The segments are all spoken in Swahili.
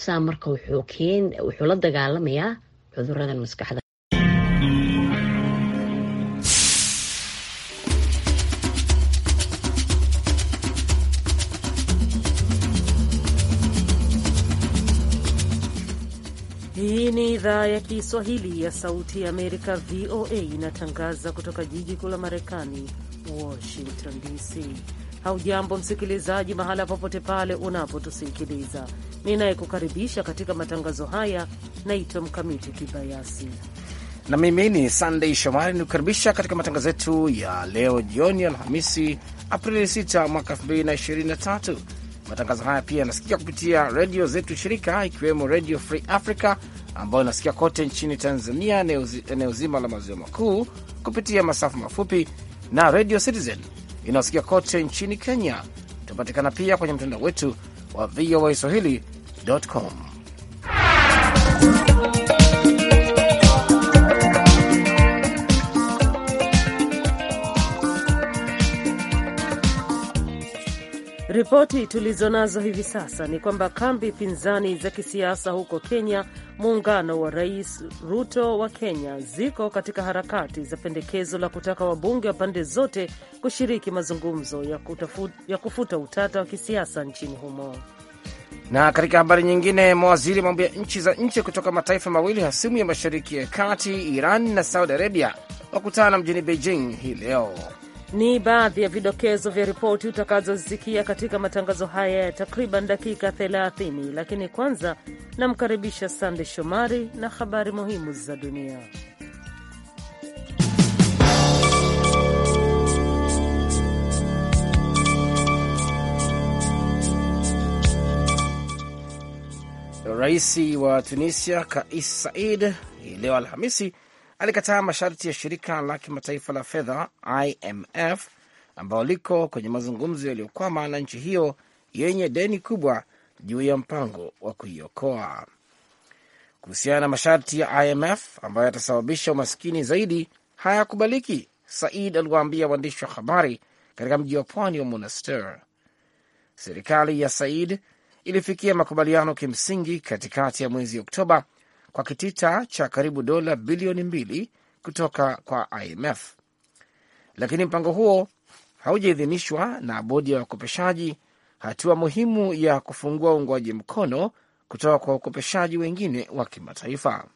saa marka wuxuu keen wuxuu la dagaalamayaa cuduradan maskaxda. Hii ni idhaa ya Kiswahili ya Sauti ya Amerika, VOA, inatangaza kutoka jiji kuu la Marekani, Washington DC. Haujambo msikilizaji, mahala popote pale unapotusikiliza. Ninayekukaribisha katika matangazo haya naitwa Mkamiti Kibayasi na mimi ni Sandey Shomari nikukaribisha katika matangazo yetu ya leo jioni, Alhamisi Aprili 6 mwaka 2023. Matangazo haya pia yanasikika kupitia redio zetu shirika, ikiwemo Redio Free Africa ambayo inasikia kote nchini Tanzania, eneo zima la maziwa makuu kupitia masafa mafupi na Radio Citizen inayosikika kote nchini Kenya. Tunapatikana pia kwenye mtandao wetu wa VOA swahili.com. Ripoti tulizo nazo hivi sasa ni kwamba kambi pinzani za kisiasa huko Kenya, muungano wa Rais Ruto wa Kenya, ziko katika harakati za pendekezo la kutaka wabunge wa pande zote kushiriki mazungumzo ya, kutafu, ya kufuta utata wa kisiasa nchini humo. Na katika habari nyingine, mawaziri mambo ya nchi za nje kutoka mataifa mawili hasimu ya Mashariki ya Kati, Iran na Saudi Arabia, wakutana mjini Beijing hii leo. Ni baadhi ya vidokezo vya ripoti utakazosikia katika matangazo haya ya takriban dakika 30, lakini kwanza namkaribisha Sande Shomari na habari muhimu za dunia. Rais wa Tunisia Kais Said hii leo Alhamisi alikataa masharti ya shirika la kimataifa la fedha IMF ambao liko kwenye mazungumzo yaliyokwama na nchi hiyo yenye deni kubwa juu ya mpango wa kuiokoa. Kuhusiana na masharti ya IMF ambayo yatasababisha umaskini zaidi, hayakubaliki, Said aliwaambia waandishi wa habari katika mji wa pwani wa monaster Serikali ya Said ilifikia makubaliano kimsingi katikati ya mwezi Oktoba kwa kitita cha karibu dola bilioni mbili kutoka kwa IMF, lakini mpango huo haujaidhinishwa na bodi ya wakopeshaji, hatua muhimu ya kufungua uungwaji mkono kutoka kwa wakopeshaji wengine wa kimataifa.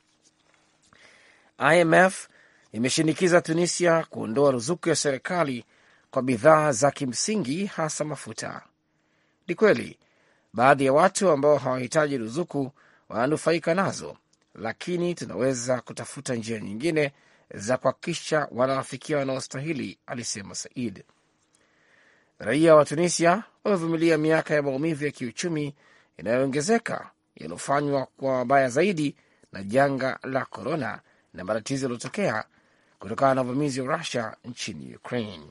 IMF imeshinikiza Tunisia kuondoa ruzuku ya serikali kwa bidhaa za kimsingi, hasa mafuta. Ni kweli baadhi ya watu ambao hawahitaji ruzuku wananufaika nazo, lakini tunaweza kutafuta njia nyingine za kuhakikisha wanawafikia wanaostahili, alisema Said. Raia wa Tunisia wamevumilia miaka ya maumivu ya kiuchumi inayoongezeka yaliyofanywa kwa mabaya zaidi na janga la korona na matatizo yaliyotokea kutokana na uvamizi wa Rusia nchini Ukraine.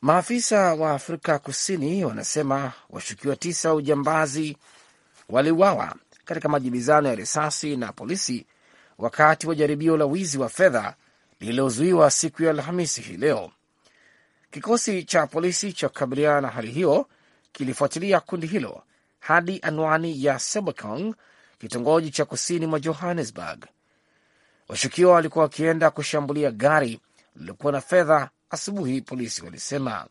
Maafisa wa Afrika Kusini wanasema washukiwa tisa wa ujambazi waliuawa katika majibizano ya risasi na polisi wakati wa jaribio la wizi wa fedha lililozuiwa siku ya Alhamisi hii leo. Kikosi cha polisi cha kukabiliana na hali hiyo kilifuatilia kundi hilo hadi anwani ya sebcong kitongoji cha kusini mwa Johannesburg. Washukiwa walikuwa wakienda kushambulia gari lililokuwa na fedha asubuhi, polisi walisema.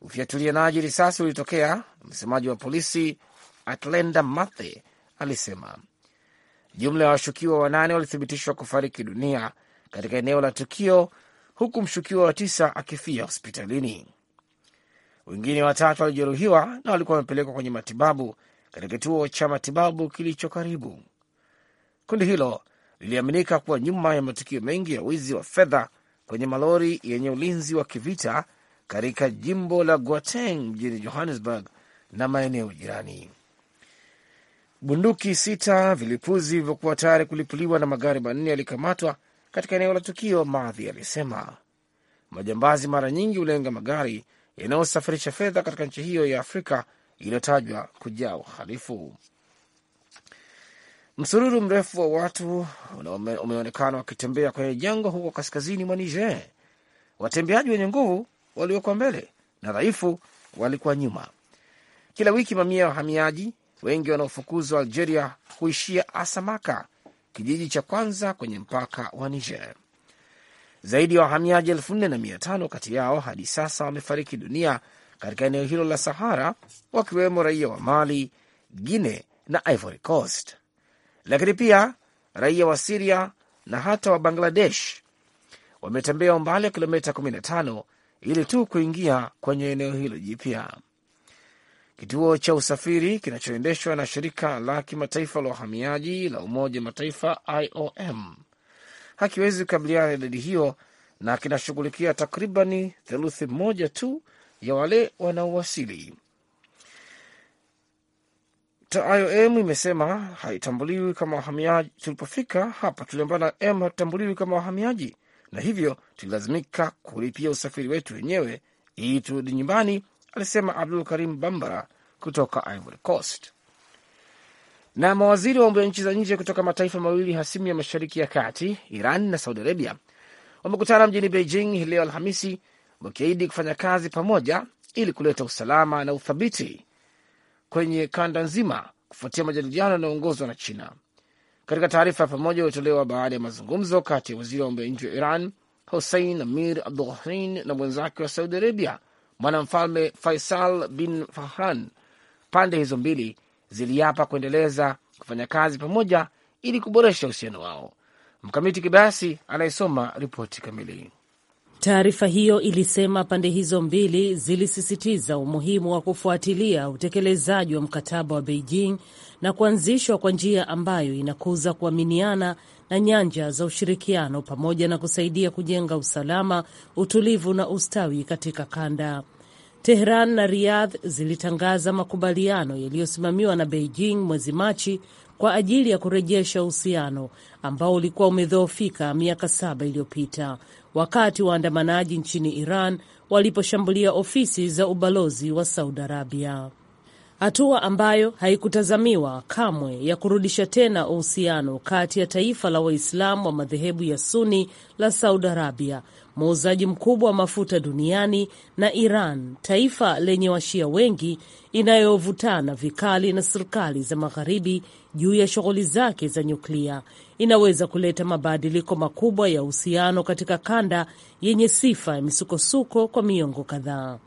Ufyatulianaji risasi ulitokea, msemaji wa polisi Atlenda Mathe alisema jumla ya washukiwa wanane walithibitishwa kufariki dunia katika eneo la tukio, huku mshukiwa wa tisa akifia hospitalini. Wengine watatu walijeruhiwa na walikuwa wamepelekwa kwenye matibabu katika kituo cha matibabu kilicho karibu. Kundi hilo liliaminika kuwa nyuma ya matukio mengi ya wizi wa fedha kwenye malori yenye ulinzi wa kivita katika jimbo la Gauteng mjini Johannesburg na maeneo jirani. Bunduki sita, vilipuzi vilivyokuwa tayari kulipuliwa na magari manne yalikamatwa katika eneo la tukio, Maadhi alisema. Majambazi mara nyingi hulenga magari yanayosafirisha fedha katika nchi hiyo ya Afrika iliyotajwa kujaa uhalifu. Msururu mrefu wa watu umeonekana wakitembea kwenye jengo huko kaskazini mwa Niger. Watembeaji wenye nguvu waliokuwa mbele na dhaifu walikuwa nyuma. Kila wiki mamia ya wahamiaji wengi wanaofukuzwa Algeria huishia Asamaka, kijiji cha kwanza kwenye mpaka wa Niger. Zaidi ya wahamiaji elfu nne na mia tano kati yao hadi sasa wamefariki dunia katika eneo hilo la Sahara, wakiwemo raia wa Mali, Guine na Ivory Coast, lakini pia raia wa Siria na hata wa Bangladesh wametembea umbali wa kilomita 15 ili tu kuingia kwenye eneo hilo jipya. Kituo cha usafiri kinachoendeshwa na shirika la kimataifa la uhamiaji la Umoja Mataifa IOM hakiwezi kukabiliana na idadi hiyo na kinashughulikia takribani theluthi moja tu ya wale wanaowasili. IOM imesema haitambuliwi kama wahamiaji. Tulipofika hapa tuliambana m hatutambuliwi kama wahamiaji, na hivyo tulilazimika kulipia usafiri wetu wenyewe ili turudi nyumbani alisema Abdul Karim Bambara kutoka Ivory Coast. Na mawaziri wa mambo ya nchi za nje kutoka mataifa mawili hasimu ya mashariki ya kati, Iran na Saudi Arabia, wamekutana mjini Beijing leo Alhamisi, wakiahidi kufanya kazi pamoja ili kuleta usalama na uthabiti kwenye kanda nzima kufuatia majadiliano yanayoongozwa na China. Katika taarifa ya pamoja iliyotolewa baada ya mazungumzo kati ya waziri wa mambo ya nje wa Iran Hussein Amir Abdollahian na mwenzake wa Saudi Arabia mwanamfalme Faisal bin Fahran. Pande hizo mbili ziliapa kuendeleza kufanya kazi pamoja ili kuboresha uhusiano wao. Mkamiti Kibayasi anayesoma ripoti kamili. Taarifa hiyo ilisema pande hizo mbili zilisisitiza umuhimu wa kufuatilia utekelezaji wa mkataba wa Beijing na kuanzishwa kwa njia ambayo inakuza kuaminiana na nyanja za ushirikiano pamoja na kusaidia kujenga usalama, utulivu na ustawi katika kanda. Tehran na Riyadh zilitangaza makubaliano yaliyosimamiwa na Beijing mwezi Machi kwa ajili ya kurejesha uhusiano ambao ulikuwa umedhoofika miaka saba iliyopita wakati waandamanaji nchini Iran waliposhambulia ofisi za ubalozi wa Saudi Arabia, hatua ambayo haikutazamiwa kamwe ya kurudisha tena uhusiano kati ya taifa la Waislamu wa madhehebu ya Suni la Saudi Arabia muuzaji mkubwa wa mafuta duniani, na Iran, taifa lenye washia wengi, inayovutana vikali na serikali za magharibi juu ya shughuli zake za nyuklia, inaweza kuleta mabadiliko makubwa ya uhusiano katika kanda yenye sifa ya misukosuko kwa miongo kadhaa.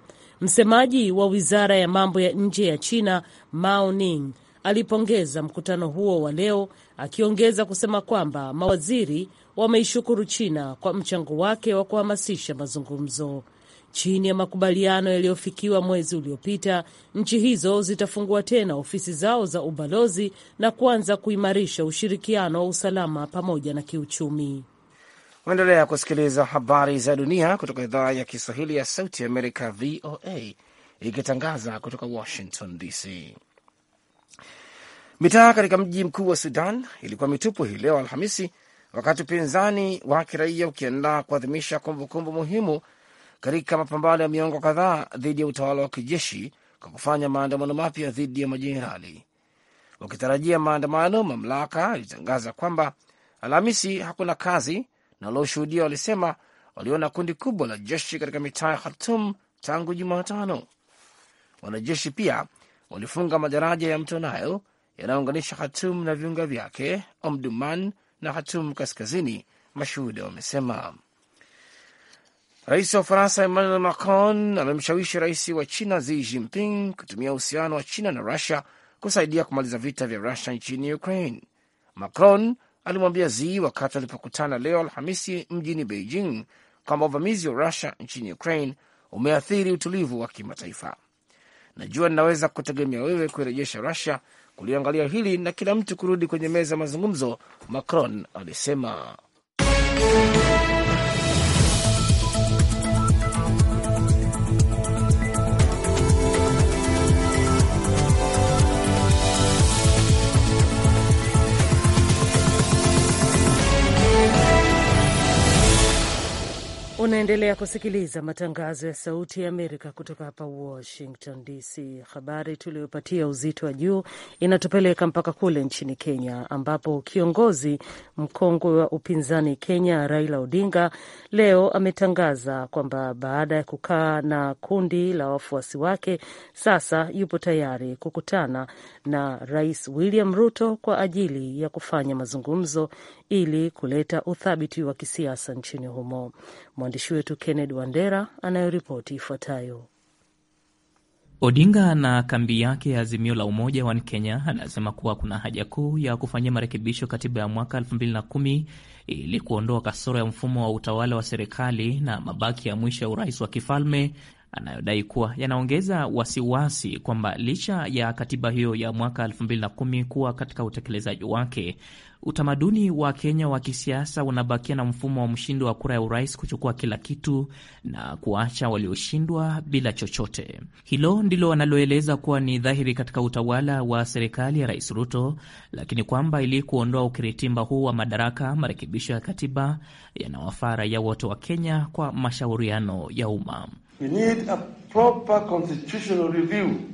Msemaji wa wizara ya mambo ya nje ya China Mao Ning alipongeza mkutano huo wa leo, akiongeza kusema kwamba mawaziri wameishukuru China kwa mchango wake wa kuhamasisha mazungumzo. Chini ya makubaliano yaliyofikiwa mwezi uliopita, nchi hizo zitafungua tena ofisi zao za ubalozi na kuanza kuimarisha ushirikiano wa usalama pamoja na kiuchumi. Unaendelea kusikiliza habari za dunia kutoka idhaa ya Kiswahili ya Sauti ya Amerika, VOA, ikitangaza kutoka Washington DC. Mitaa katika mji mkuu wa Sudan ilikuwa mitupu hii leo Alhamisi wakati upinzani wa kiraia ukiandaa kuadhimisha kumbukumbu muhimu katika mapambano ya miongo kadhaa dhidi ya utawala wa kijeshi kwa kufanya maandamano mapya dhidi ya majenerali. Wakitarajia maandamano, mamlaka ilitangaza kwamba Alhamisi hakuna kazi, na walioshuhudia walisema waliona kundi kubwa la jeshi katika mitaa ya Khartum tangu Jumatano. Wanajeshi pia walifunga madaraja ya mto Nile yanayounganisha Khartum na viunga vyake, Omduman na Hatum kaskazini, mashuhuda wamesema. Rais wa Ufaransa Emmanuel Macron amemshawishi rais wa China Xi Jinping kutumia uhusiano wa China na Rusia kusaidia kumaliza vita vya Rusia nchini Ukraine. Macron alimwambia Xi wakati walipokutana leo Alhamisi mjini Beijing kwamba uvamizi wa Rusia nchini Ukraine umeathiri utulivu wa kimataifa. Najua ninaweza kutegemea wewe kuirejesha Rusia kuliangalia hili na kila mtu kurudi kwenye meza ya mazungumzo, Macron alisema. Unaendelea kusikiliza matangazo ya Sauti ya Amerika kutoka hapa Washington DC. Habari tuliyopatia uzito wa juu inatupeleka mpaka kule nchini Kenya, ambapo kiongozi mkongwe wa upinzani Kenya, Raila Odinga, leo ametangaza kwamba baada ya kukaa na kundi la wafuasi wake, sasa yupo tayari kukutana na Rais William Ruto kwa ajili ya kufanya mazungumzo ili kuleta uthabiti wa kisiasa nchini humo. Mwandishi wetu Kennedy Wandera anayoripoti ifuatayo. Odinga na kambi yake ya Azimio la Umoja wa Kenya anasema kuwa kuna haja kuu ya kufanyia marekebisho katiba ya mwaka 2010 ili kuondoa kasoro ya mfumo wa utawala wa serikali na mabaki ya mwisho ya urais wa kifalme anayodai kuwa yanaongeza wasiwasi kwamba licha ya katiba hiyo ya mwaka 2010 kuwa katika utekelezaji wake, utamaduni wa Kenya wa kisiasa unabakia na mfumo wa mshindi wa kura ya urais kuchukua kila kitu na kuacha walioshindwa bila chochote. Hilo ndilo wanaloeleza kuwa ni dhahiri katika utawala wa serikali ya Rais Ruto, lakini kwamba ili kuondoa ukiritimba huu wa madaraka, marekebisho ya katiba yanawafaa raia wote wa Kenya kwa mashauriano ya umma. We need a proper constitutional review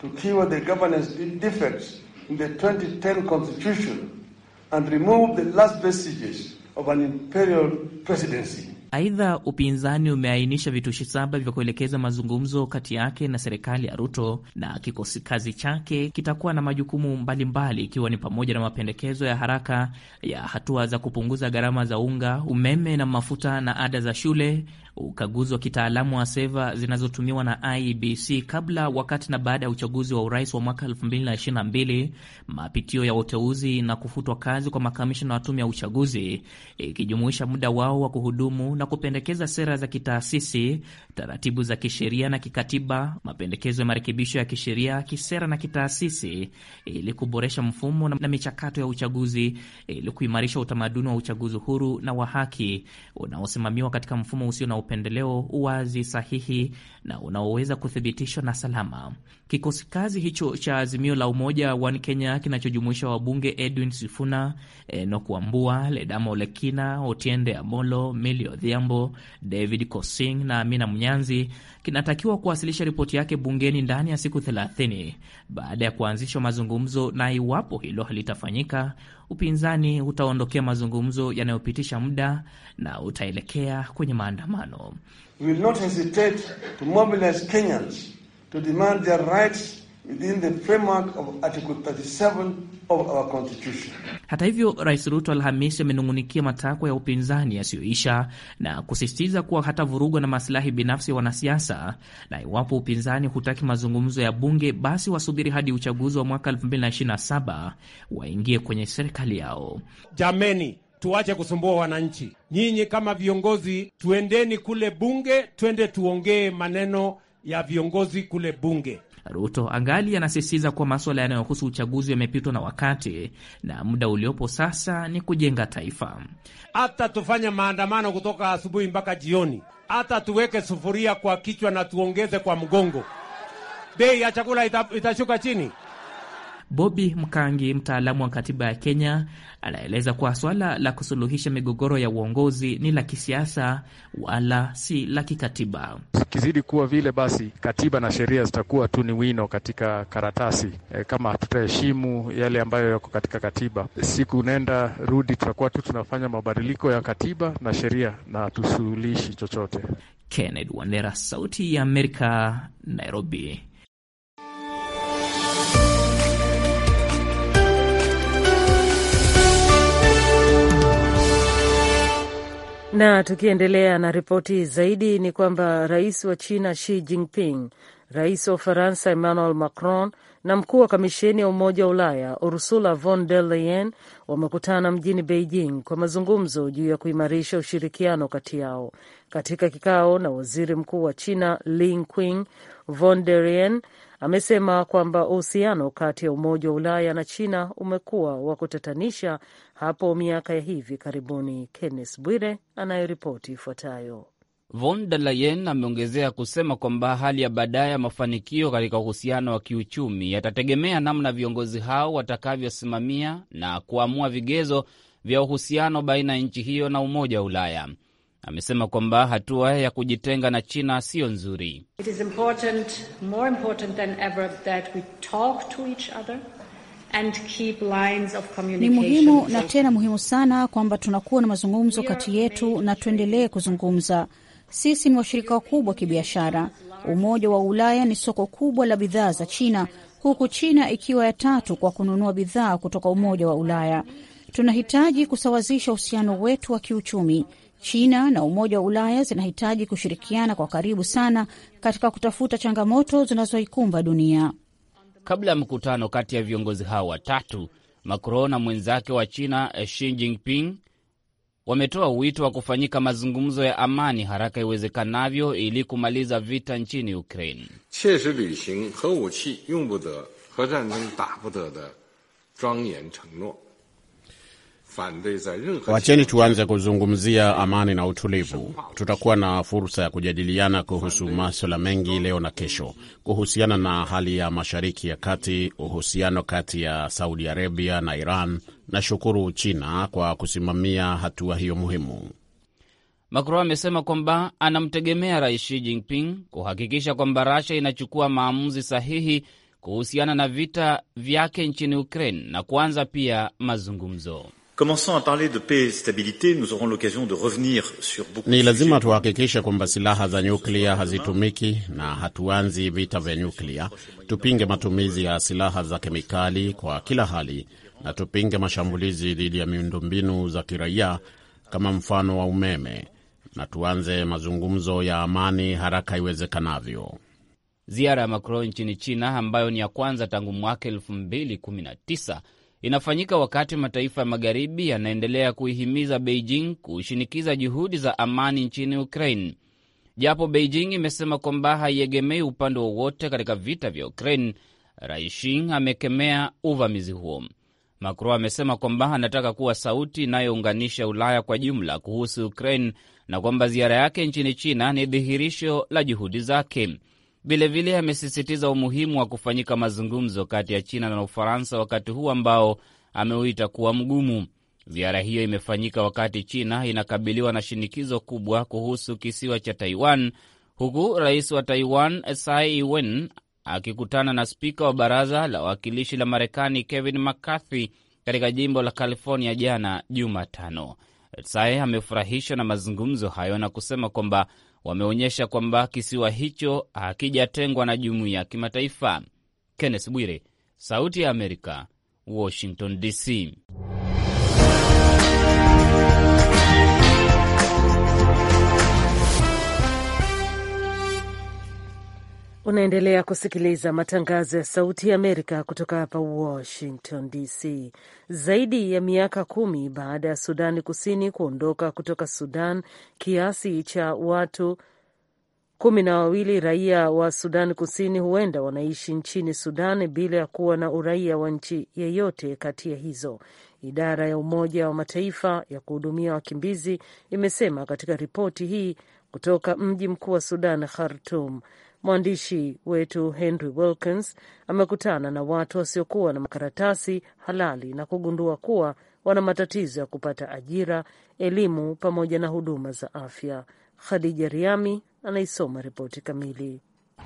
to cure the governance defects in the 2010 constitution and remove the last vestiges of an imperial presidency. Aidha, upinzani umeainisha vitushi saba vya kuelekeza mazungumzo kati yake na serikali ya Ruto, na kikosi kazi chake kitakuwa na majukumu mbalimbali, ikiwa ni pamoja na mapendekezo ya haraka ya hatua za kupunguza gharama za unga, umeme na mafuta na ada za shule, ukaguzi wa kitaalamu wa seva zinazotumiwa na ibc kabla, wakati na baada ya uchaguzi wa urais wa mwaka 2022, mapitio ya uteuzi na kufutwa kazi kwa makamishina wa tume ya uchaguzi, ikijumuisha muda wao wa kuhudumu na kupendekeza sera za kitaasisi, taratibu za kisheria na kikatiba, mapendekezo ya marekebisho ya kisheria, kisera na kitaasisi ili kuboresha mfumo na michakato ya uchaguzi ili kuimarisha utamaduni wa uchaguzi huru na wa haki unaosimamiwa katika mfumo usio na upendeleo, uwazi, sahihi na unaoweza kuthibitishwa na salama. Kikosi kazi hicho cha Azimio la Umoja One Kenya kinachojumuisha wabunge Edwin Sifuna, Enoch eh, Wambua, Ledama Olekina, Otiende Amolo, Mili Odhiambo, David Kosing na Amina Mnyanzi kinatakiwa kuwasilisha ripoti yake bungeni ndani ya siku 30 baada ya kuanzishwa mazungumzo, na iwapo hilo halitafanyika, upinzani utaondokea mazungumzo yanayopitisha muda na utaelekea kwenye maandamano. We will not hesitate to mobilize Kenyans to demand their rights within the framework of Article 37 of our Constitution. Hata hivyo, Rais Ruto Alhamisi amenung'unikia matakwa ya upinzani yasiyoisha na kusisitiza kuwa hata vurugwa na masilahi binafsi ya wanasiasa, na iwapo upinzani hutaki mazungumzo ya bunge, basi wasubiri hadi uchaguzi wa mwaka 2027 waingie kwenye serikali yao. Jameni, tuache kusumbua wananchi. Nyinyi kama viongozi, tuendeni kule bunge, twende tuongee maneno ya viongozi kule bunge. Ruto angali anasisitiza kuwa maswala yanayohusu uchaguzi yamepitwa na wakati na muda uliopo sasa ni kujenga taifa. Hata tufanye maandamano kutoka asubuhi mpaka jioni, hata tuweke sufuria kwa kichwa na tuongeze kwa mgongo, bei ya chakula itashuka chini. Bobi Mkangi, mtaalamu wa katiba ya Kenya, anaeleza kuwa swala la kusuluhisha migogoro ya uongozi ni la kisiasa wala si la kikatiba. zikizidi kuwa vile, basi katiba na sheria zitakuwa tu ni wino katika karatasi. E, kama hatutaheshimu yale ambayo yako katika katiba, siku nenda rudi, tutakuwa tu tunafanya mabadiliko ya katiba na sheria na tusuluhishi chochote. Kennedy Wandera, Sauti ya Amerika, Nairobi. Na tukiendelea na ripoti zaidi ni kwamba rais wa China Xi Jinping, rais wa Ufaransa Emmanuel Macron na mkuu wa kamisheni ya Umoja wa Ulaya Ursula von der Leyen wamekutana mjini Beijing kwa mazungumzo juu ya kuimarisha ushirikiano kati yao. Katika kikao na waziri mkuu wa China lin Qiang, von der Leyen amesema kwamba uhusiano kati ya Umoja wa Ulaya na China umekuwa wa kutatanisha hapo miaka ya hivi karibuni. Kenneth Bwire anayeripoti ifuatayo. Von der Leyen ameongezea kusema kwamba hali ya baadaye ya mafanikio katika uhusiano wa kiuchumi yatategemea namna viongozi hao watakavyosimamia na kuamua vigezo vya uhusiano baina ya nchi hiyo na Umoja wa Ulaya. Amesema kwamba hatua ya kujitenga na China siyo nzuri. It is important, more important than ever that we talk to each other. And keep lines of communication. Ni muhimu na tena muhimu sana kwamba tunakuwa na mazungumzo kati yetu na tuendelee kuzungumza sisi ni washirika wakubwa wa kibiashara. Umoja wa Ulaya ni soko kubwa la bidhaa za China, huku China ikiwa ya tatu kwa kununua bidhaa kutoka Umoja wa Ulaya. Tunahitaji kusawazisha uhusiano wetu wa kiuchumi. China na Umoja wa Ulaya zinahitaji kushirikiana kwa karibu sana katika kutafuta changamoto zinazoikumba dunia. Kabla ya mkutano kati ya viongozi hao watatu, Macron na mwenzake wa China eh, Xi Jinping wametoa wito wa kufanyika mazungumzo ya amani haraka iwezekanavyo ili kumaliza vita nchini Ukraine. Wacheni tuanze kuzungumzia amani na utulivu. Tutakuwa na fursa ya kujadiliana kuhusu maswala mengi leo na kesho, kuhusiana na hali ya Mashariki ya Kati, uhusiano kati ya Saudi Arabia na Iran, na shukuru China kwa kusimamia hatua hiyo muhimu. Macron amesema kwamba anamtegemea Rais Xi Jinping kuhakikisha kwamba Russia inachukua maamuzi sahihi kuhusiana na vita vyake nchini Ukraine na kuanza pia mazungumzo. Ni lazima tuhakikishe kwamba silaha za nyuklia hazitumiki na hatuanzi vita vya nyuklia. Tupinge matumizi ya silaha za kemikali kwa kila hali, na tupinge mashambulizi dhidi ya miundombinu za kiraia kama mfano wa umeme, na tuanze mazungumzo ya amani haraka iwezekanavyo. Ziara ya Macron nchini China ambayo ni ya kwanza tangu mwaka 2019 inafanyika wakati mataifa ya magharibi yanaendelea kuihimiza Beijing kushinikiza juhudi za amani nchini Ukraine. Japo Beijing imesema kwamba haiegemei upande wowote katika vita vya Ukraine, Raishing amekemea uvamizi huo. Macron amesema kwamba anataka kuwa sauti inayounganisha Ulaya kwa jumla kuhusu Ukraine na kwamba ziara yake nchini China ni dhihirisho la juhudi zake. Vilevile amesisitiza umuhimu wa kufanyika mazungumzo kati ya China na Ufaransa wakati huu ambao ameuita kuwa mgumu. Ziara hiyo imefanyika wakati China inakabiliwa na shinikizo kubwa kuhusu kisiwa cha Taiwan, huku rais wa Taiwan Tsai Ing-wen akikutana na spika wa baraza la wawakilishi la Marekani Kevin McCarthy katika jimbo la California jana Jumatano. Tsai amefurahishwa na mazungumzo hayo na kusema kwamba wameonyesha kwamba kisiwa hicho hakijatengwa na jumuiya ya kimataifa. Kenneth Bwire, Sauti ya Amerika, Washington DC. Unaendelea kusikiliza matangazo ya Sauti ya Amerika kutoka hapa Washington DC. Zaidi ya miaka kumi baada ya Sudani Kusini kuondoka kutoka Sudan, kiasi cha watu kumi na wawili raia wa Sudan Kusini huenda wanaishi nchini Sudan bila ya kuwa na uraia wa nchi yeyote kati ya hizo, idara ya Umoja wa Mataifa ya kuhudumia wakimbizi imesema katika ripoti hii kutoka mji mkuu wa Sudan, Khartum. Mwandishi wetu Henry Wilkins amekutana na watu wasiokuwa na makaratasi halali na kugundua kuwa wana matatizo ya kupata ajira, elimu pamoja na huduma za afya. Khadija Riami anaisoma ripoti kamili.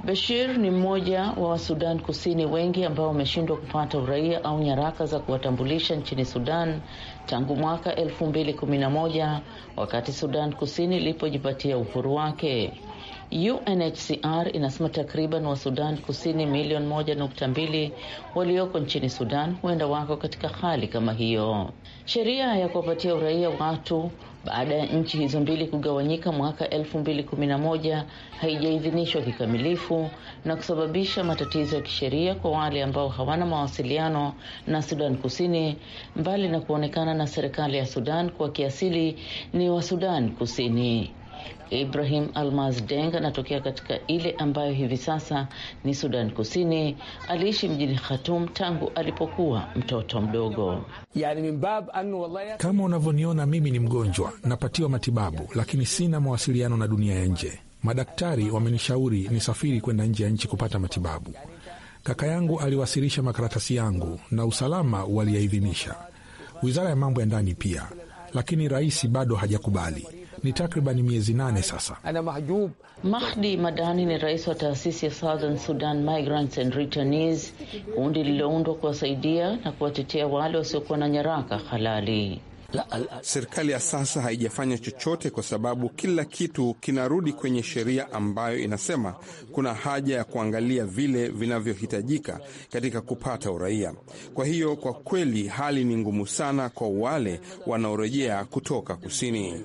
Bashir ni mmoja wa Wasudan Kusini wengi ambao wameshindwa kupata uraia au nyaraka za kuwatambulisha nchini Sudan tangu mwaka 211 wakati Sudan Kusini ilipojipatia uhuru wake. UNHCR inasema takriban wa Sudan Kusini milioni moja nukta mbili walioko nchini Sudan huenda wako katika hali kama hiyo. Sheria ya kuwapatia uraia watu baada ya nchi hizo mbili kugawanyika mwaka elfu mbili kumi na moja haijaidhinishwa kikamilifu na kusababisha matatizo ya kisheria kwa wale ambao hawana mawasiliano na Sudan Kusini, mbali na kuonekana na serikali ya Sudan kwa kiasili ni wa Sudan Kusini. Ibrahim Almaz Deng anatokea katika ile ambayo hivi sasa ni Sudan Kusini. Aliishi mjini Khartoum tangu alipokuwa mtoto mdogo. Kama unavyoniona, mimi ni mgonjwa, napatiwa matibabu, lakini sina mawasiliano na dunia ya nje. Madaktari wamenishauri nisafiri kwenda nje ya nchi kupata matibabu. Kaka yangu aliwasilisha makaratasi yangu na usalama waliyaidhinisha, wizara ya mambo ya ndani pia, lakini rais bado hajakubali ni takriban miezi nane sasa. Mahdi Madani ni rais wa taasisi ya Southern Sudan Migrants and Returnees, kundi lililoundwa kuwasaidia na kuwatetea wale wasiokuwa na nyaraka halali. Serikali ya sasa haijafanya chochote, kwa sababu kila kitu kinarudi kwenye sheria ambayo inasema kuna haja ya kuangalia vile vinavyohitajika katika kupata uraia. Kwa hiyo kwa kweli hali ni ngumu sana kwa wale wanaorejea kutoka kusini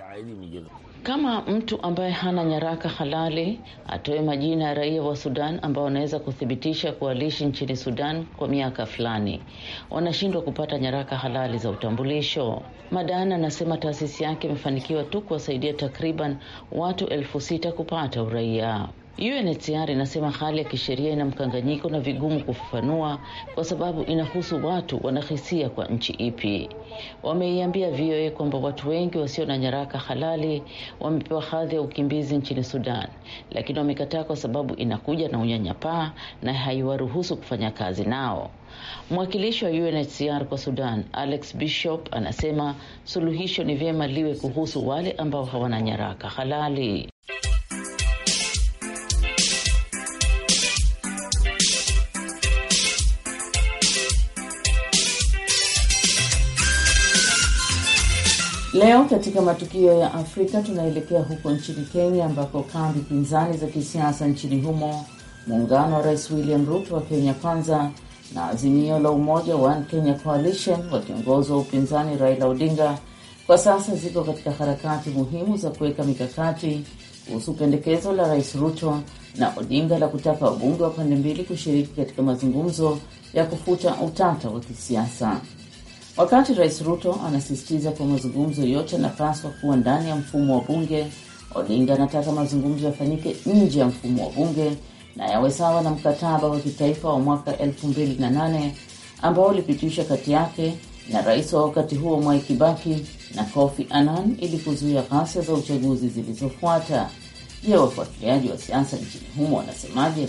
kama mtu ambaye hana nyaraka halali atoe majina ya raia wa Sudan ambao wanaweza kuthibitisha kuwalishi nchini Sudan kwa miaka fulani, wanashindwa kupata nyaraka halali za utambulisho. madan anasema taasisi yake imefanikiwa tu kuwasaidia takriban watu elfu sita kupata uraia. UNHCR inasema hali ya kisheria ina mkanganyiko na vigumu kufafanua kwa sababu inahusu watu wanahisia kwa nchi ipi. Wameiambia VOA kwamba watu wengi wasio na nyaraka halali wamepewa hadhi ya ukimbizi nchini Sudan, lakini wamekataa kwa sababu inakuja na unyanyapaa na haiwaruhusu kufanya kazi nao. Mwakilishi wa UNHCR kwa Sudan, Alex Bishop, anasema suluhisho ni vyema liwe kuhusu wale ambao hawana nyaraka halali. Leo katika matukio ya Afrika tunaelekea huko nchini Kenya, ambako kambi pinzani za kisiasa nchini humo, muungano wa Rais William Ruto wa Kenya Kwanza na Azimio la Umoja One Kenya Coalition wakiongozwa upinzani Raila Odinga, kwa sasa ziko katika harakati muhimu za kuweka mikakati kuhusu pendekezo la Rais Ruto na Odinga la kutaka wabunge wa pande mbili kushiriki katika mazungumzo ya kufuta utata wa kisiasa. Wakati Rais Ruto anasisitiza kwa mazungumzo yote yanapaswa kuwa ndani ya mfumo wa bunge, Odinga anataka mazungumzo yafanyike nje ya mfumo wa bunge na yawe sawa na mkataba wa kitaifa wa mwaka 28 ambao ulipitishwa kati yake na rais wa wakati huo Mwai Kibaki na Kofi Annan ili kuzuia ghasia za uchaguzi zilizofuata. Je, wafuatiliaji wa siasa nchini humo wanasemaje?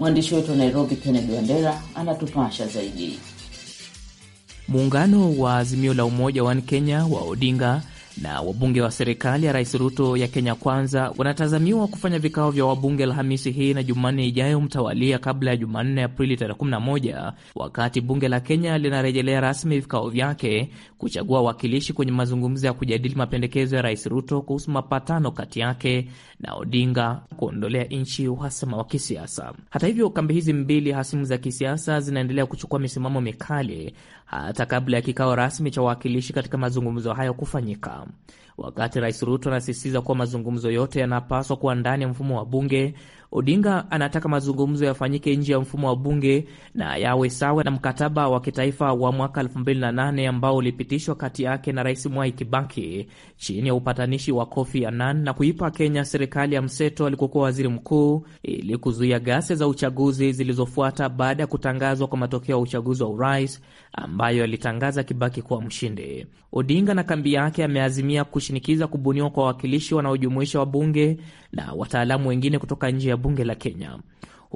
Mwandishi wetu wa Nairobi Kennedy Wandera anatupasha zaidi muungano wa Azimio la Umoja One Kenya wa Odinga na wabunge wa serikali ya Rais Ruto ya Kenya Kwanza wanatazamiwa kufanya vikao vya wabunge Alhamisi hii na Jumanne ijayo mtawalia, kabla ya Jumanne Aprili tarehe 11, wakati bunge la Kenya linarejelea rasmi vikao vyake kuchagua wawakilishi kwenye mazungumzo ya kujadili mapendekezo ya Rais Ruto kuhusu mapatano kati yake na Odinga kuondolea nchi uhasama wa kisiasa. Hata hivyo, kambi hizi mbili hasimu za kisiasa zinaendelea kuchukua misimamo mikali hata kabla ya kikao rasmi cha wawakilishi katika mazungumzo hayo kufanyika wakati Rais Ruto anasisitiza kuwa mazungumzo yote yanapaswa kuwa ndani ya mfumo wa bunge Odinga anataka mazungumzo yafanyike nje ya mfumo wa bunge na yawe sawa na mkataba wa kitaifa wa mwaka 2008 ambao ulipitishwa kati yake na Rais Mwai Kibaki chini ya upatanishi wa Kofi Annan na kuipa Kenya serikali ya mseto alikokuwa waziri mkuu ili kuzuia ghasia za uchaguzi zilizofuata baada ya kutangazwa kwa matokeo ya uchaguzi wa urais ambayo yalitangaza Kibaki kuwa mshindi. Odinga na kambi yake ameazimia kushinikiza kubuniwa kwa wawakilishi wanaojumuisha wabunge na wataalamu wengine kutoka nje ya bunge la Kenya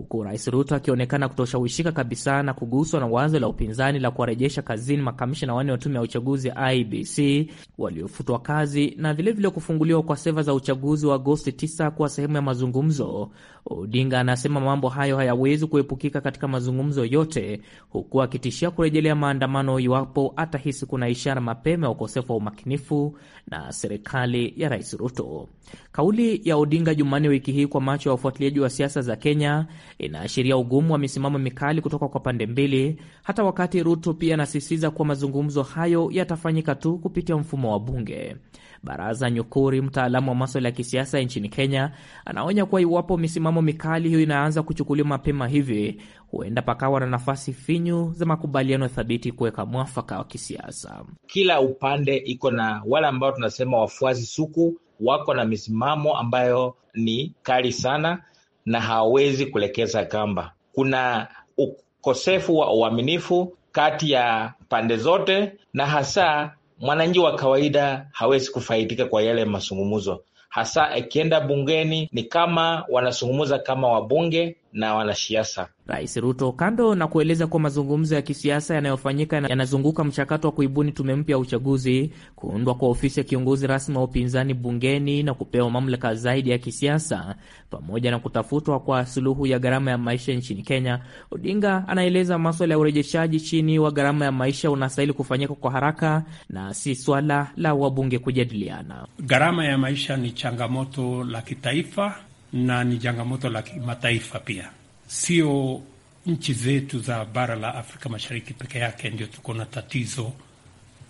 huku Rais Ruto akionekana kutoshawishika kabisa na kuguswa na wazo la upinzani la kuwarejesha kazini makamishna wanne wa tume ya uchaguzi IBC waliofutwa kazi na vilevile vile kufunguliwa kwa seva za uchaguzi wa Agosti 9 kuwa sehemu ya mazungumzo. Odinga anasema mambo hayo hayawezi kuepukika katika mazungumzo yote, huku akitishia kurejelea maandamano iwapo atahisi kuna ishara mapema ya ukosefu wa umakinifu na serikali ya Rais Ruto. Kauli ya Odinga Jumanne wiki hii kwa macho ya wafuatiliaji wa siasa za Kenya inaashiria ugumu wa misimamo mikali kutoka kwa pande mbili, hata wakati Ruto pia anasisitiza kuwa mazungumzo hayo yatafanyika tu kupitia mfumo wa bunge. Baraza Nyukuri, mtaalamu wa maswala ya kisiasa nchini Kenya, anaonya kuwa iwapo misimamo mikali hiyo inaanza kuchukuliwa mapema hivi, huenda pakawa na nafasi finyu za makubaliano thabiti kuweka mwafaka wa kisiasa. Kila upande iko na wale ambao tunasema wafuasi suku wako na misimamo ambayo ni kali sana na hawezi kulekeza kamba. Kuna ukosefu wa uaminifu kati ya pande zote, na hasa mwananchi wa kawaida hawezi kufaidika kwa yale mazungumzo, hasa akienda bungeni ni kama wanazungumza kama wabunge na wanasiasa. Rais Ruto, kando na kueleza kuwa mazungumzo ya kisiasa yanayofanyika yanazunguka mchakato wa kuibuni tume mpya ya uchaguzi, kuundwa kwa ofisi ya kiongozi rasmi wa upinzani bungeni na kupewa mamlaka zaidi ya kisiasa, pamoja na kutafutwa kwa suluhu ya gharama ya maisha nchini Kenya, Odinga anaeleza maswala ya urejeshaji chini wa gharama ya maisha unastahili kufanyika kwa haraka na si swala la wabunge kujadiliana. Gharama ya maisha ni changamoto la kitaifa na ni changamoto la kimataifa pia, sio nchi zetu za bara la Afrika Mashariki peke yake ndio tuko na tatizo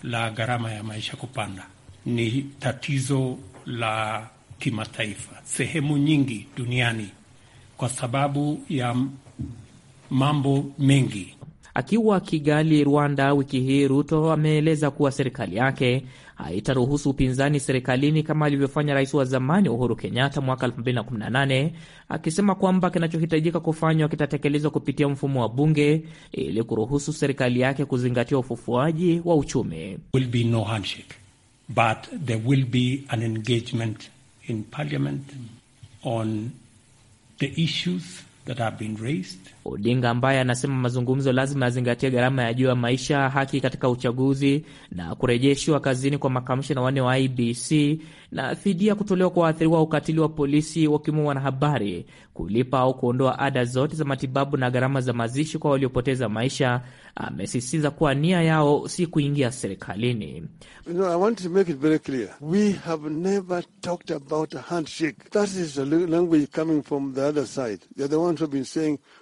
la gharama ya maisha kupanda, ni tatizo la kimataifa sehemu nyingi duniani kwa sababu ya mambo mengi. Akiwa Kigali, Rwanda, wiki hii, Ruto ameeleza kuwa serikali yake haitaruhusu upinzani serikalini kama alivyofanya rais wa zamani Uhuru Kenyatta mwaka 2018 akisema kwamba kinachohitajika kufanywa kitatekelezwa kupitia mfumo wa bunge ili kuruhusu serikali yake kuzingatia ufufuaji wa uchumi. Will be no handshake, but there will be an engagement in parliament on the issues that have been raised Odinga ambaye anasema mazungumzo lazima yazingatie gharama ya juu ya maisha, haki katika uchaguzi na kurejeshwa kazini kwa na wanne wa IBC na fidia kutolewa kwa waathiriwa wa ukatili wa polisi wakiwemo wanahabari, kulipa au kuondoa ada zote za matibabu na gharama za mazishi kwa waliopoteza maisha. Amesisitiza kuwa nia yao si kuingia serikalini. You know,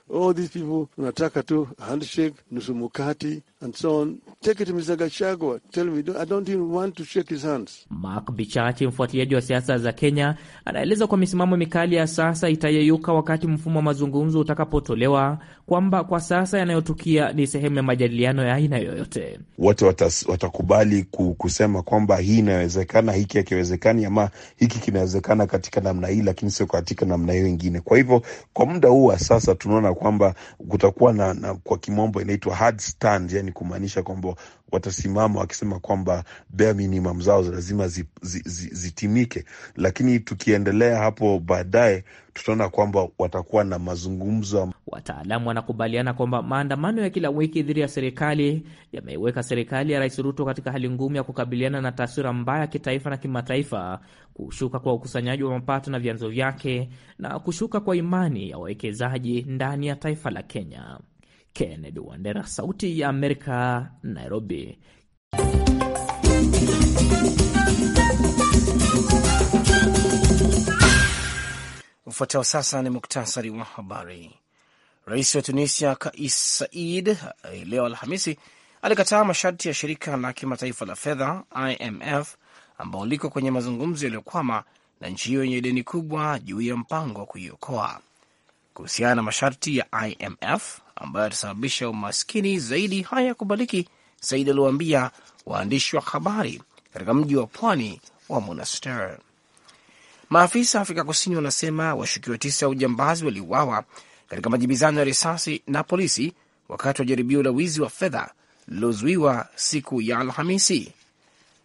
all these people tunataka tu handshake, nusu mukati and so on. Take it Mr. Gachagua. Tell me, I don't even want to shake his hands. Mark Bichachi, mfuatiliaji wa siasa za Kenya, anaeleza kwa misimamo mikali ya sasa itayeyuka wakati mfumo wa mazungumzo utakapotolewa, kwamba kwa sasa yanayotukia ni sehemu ya majadiliano ya aina yoyote. Wote watakubali kusema kwamba hii inawezekana, hiki hakiwezekani, ama hiki kinawezekana katika namna hii, lakini sio katika namna hiyo ingine. Kwa hivyo kwa muda huu wa sasa tunaona kwamba kutakuwa na, na kwa kimombo inaitwa hard stand, yani ni kumaanisha kwamba watasimama wakisema kwamba bare minimum zao lazima zi, zi, zi, zitimike, lakini tukiendelea hapo baadaye tutaona kwamba watakuwa na mazungumzo. Wataalamu wanakubaliana kwamba maandamano ya kila wiki dhidi ya serikali yameiweka serikali ya Rais Ruto katika hali ngumu ya kukabiliana na taswira mbaya ya kitaifa na kimataifa, kushuka kwa ukusanyaji wa mapato na vyanzo vyake, na kushuka kwa imani ya wawekezaji ndani ya taifa la Kenya. Kennedy Wandera, Sauti ya Amerika, Nairobi. Ufuatao sasa ni muktasari wa habari. Rais wa Tunisia Kais Said eh, leo Alhamisi alikataa masharti ya shirika la kimataifa la fedha IMF ambao liko kwenye mazungumzo yaliyokwama na nchi hiyo yenye deni kubwa juu ya mpango wa kuiokoa kuhusiana na masharti ya IMF ambayo yatasababisha umaskini zaidi haya hayakubaliki. Said aliwaambia waandishi wa habari katika mji wa pwani wa Monaster. Maafisa wa Afrika Kusini wanasema washukiwa tisa wa ujambazi waliuawa katika majibizano ya risasi na polisi wakati wa jaribio la wizi wa fedha lililozuiwa siku ya Alhamisi.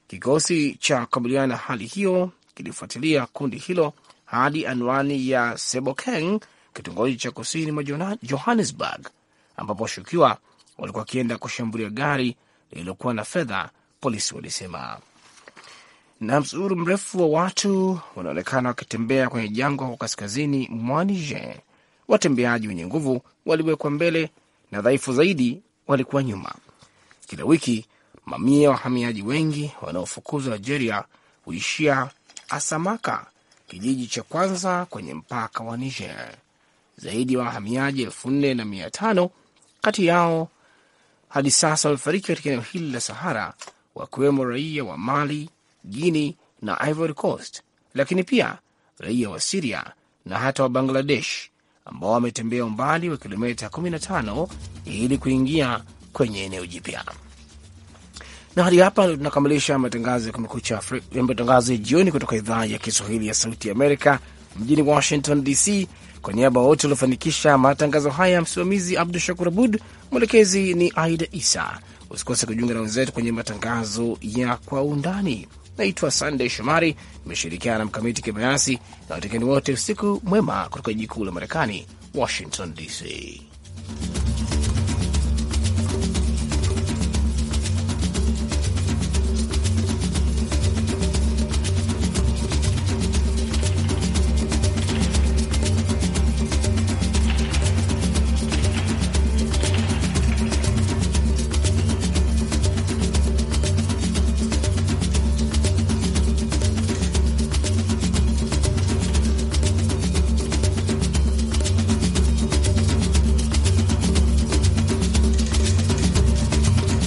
Kikosi cha kukabiliana na hali hiyo kilifuatilia kundi hilo hadi anwani ya Sebokeng kitongoji cha kusini mwa Johannesburg, ambapo washukiwa walikuwa wakienda kushambulia gari lililokuwa na fedha, polisi walisema. Na msururu mrefu wa watu wanaonekana wakitembea kwenye jangwa kwa kaskazini mwa Niger. Watembeaji wenye nguvu waliwekwa mbele na dhaifu zaidi walikuwa nyuma. Kila wiki mamia ya wahamiaji wengi wanaofukuzwa Algeria huishia Asamaka, kijiji cha kwanza kwenye mpaka wa Niger. Zaidi ya wa wahamiaji elfu nne na mia tano kati yao hadi sasa wamefariki katika eneo hili la Sahara, wakiwemo raia wa Mali, Guini na Ivory Coast, lakini pia raia wa Siria na hata wa Bangladesh ambao wametembea umbali wa kilomita 15 ili kuingia kwenye eneo jipya. Na hadi hapa ndo tunakamilisha matangazo ya Kumekucha Afrika, matangazo ya jioni kutoka idhaa ya Kiswahili ya Sauti Amerika mjini Washington DC. Kwa niaba ya wote waliofanikisha matangazo haya, msimamizi Abdu Shakur Abud, mwelekezi ni Aida Isa. Usikose kujiunga na wenzetu kwenye matangazo ya Kwa Undani. Naitwa Sandey Shomari, nimeshirikiana na Mkamiti Kibayasi na watekeni wote, usiku mwema kutoka jiji kuu la Marekani, Washington DC.